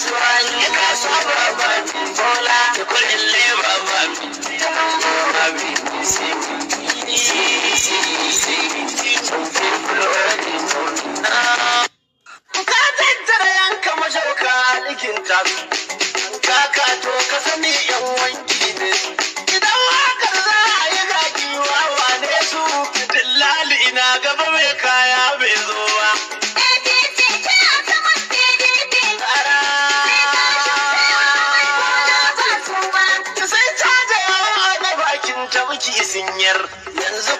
kasuwanci ya kasuwa babu bola ya kullum yanka majauka likin tasu ka yan wanki ne idan wakar za a yi gagiwa wane su dillali ina gaba mai kaya ta miki isinyar yanzu